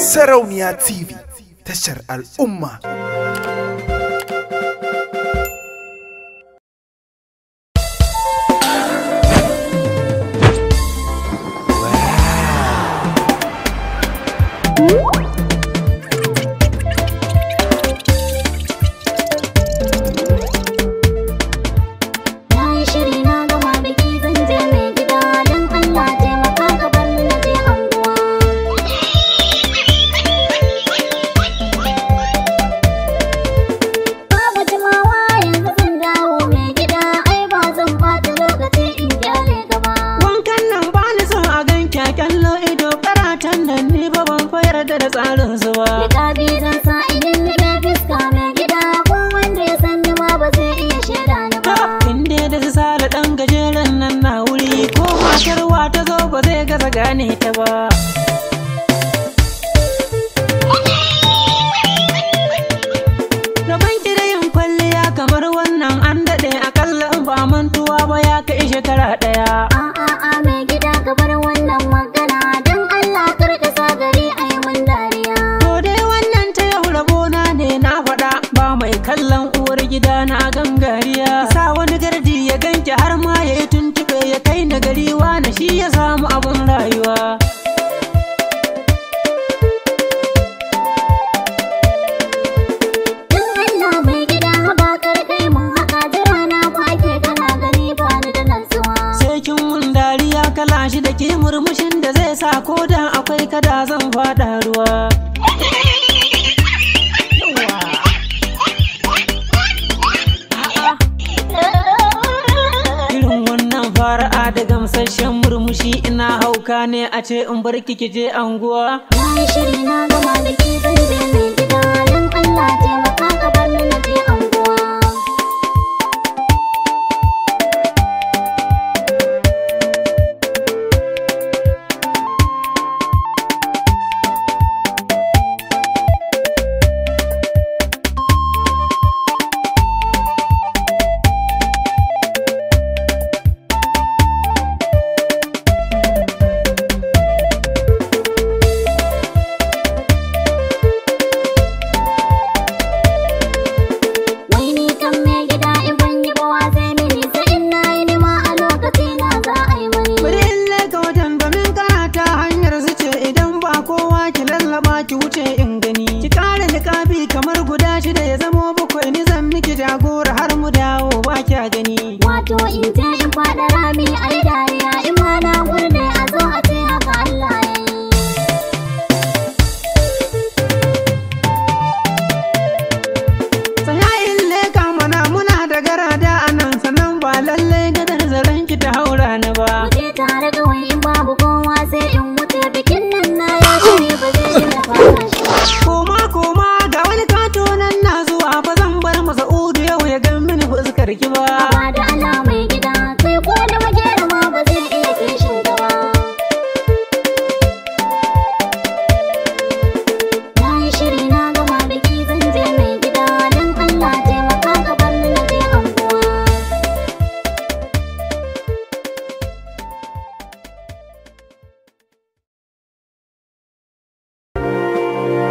Sarauniya TV tashar al'umma. Wow. sa ido karatan nan ni ba ban koyar da tsarin su ba. Likafi zan sa idan ni ga fiska mai gida ko wanda ya san ni ma ba zai iya shaida ni ba. Inde da su sala ɗan gajeren nan na wuri ko matarwa ta zo ba zai gaza gane ta ba. kwalliya kamar wannan an daɗe akalla in ba mantuwa ba ya kai shekara ɗaya. kallon uwar gida na gangariya sa wani gardi ya ganki har ma ya yi tuntuɓe ya kai na gari na shi ya samu abin rayuwa kin wun dariya kala shi da ke murmushin da zai sa ko da akwai kada zan fada isasshen murmushi ina hauka ne a ce in bar kike je anguwa na shiri na gama da ke zan je mai Allah jagor har mu dawo ba kya gani wato in ta in fada rami ai dariya in